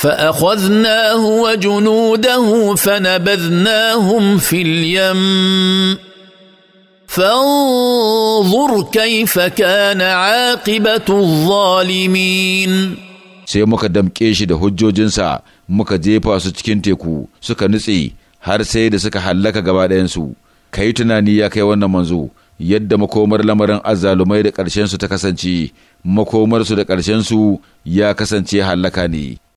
فاخذناه وجنوده فنبذناهم في اليم فانظر كيف كان عاقبه الظالمين sai muka damƙe shi da hujjojinsa muka jefa su cikin teku suka nutse har sai da suka hallaka gaba ɗayansu ka yi tunani ya kai wannan manzo yadda makomar lamarin azzalumai da ƙarshensu ta kasance makomarsu da ƙarshensu ya kasance hallaka ne